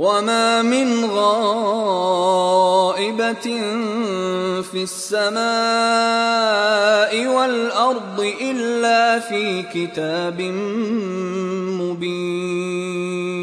وما من غائبة في السماء والأرض إلا في كتاب مبين